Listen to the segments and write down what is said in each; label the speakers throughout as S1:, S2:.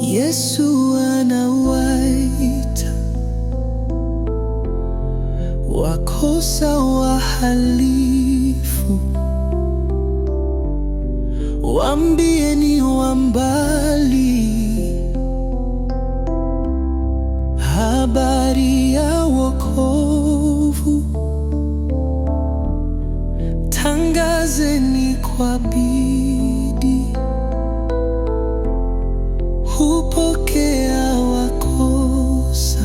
S1: Yesu anawaita wakosa, wahalifu, waambieni ni wambali habari ya wokovu, tangazeni kwa bidii hupokea wakosa,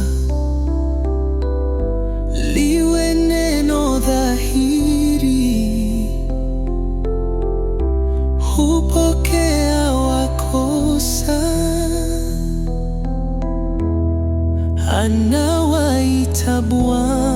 S1: liwe neno dhahiri, hupokea wakosa, anawaita Bwana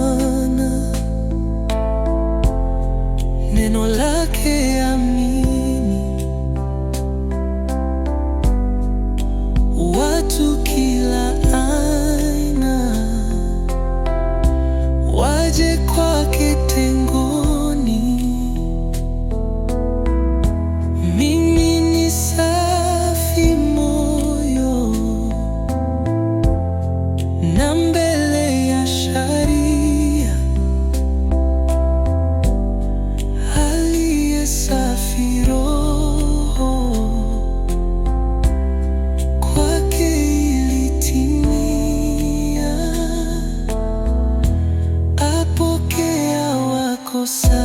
S1: você.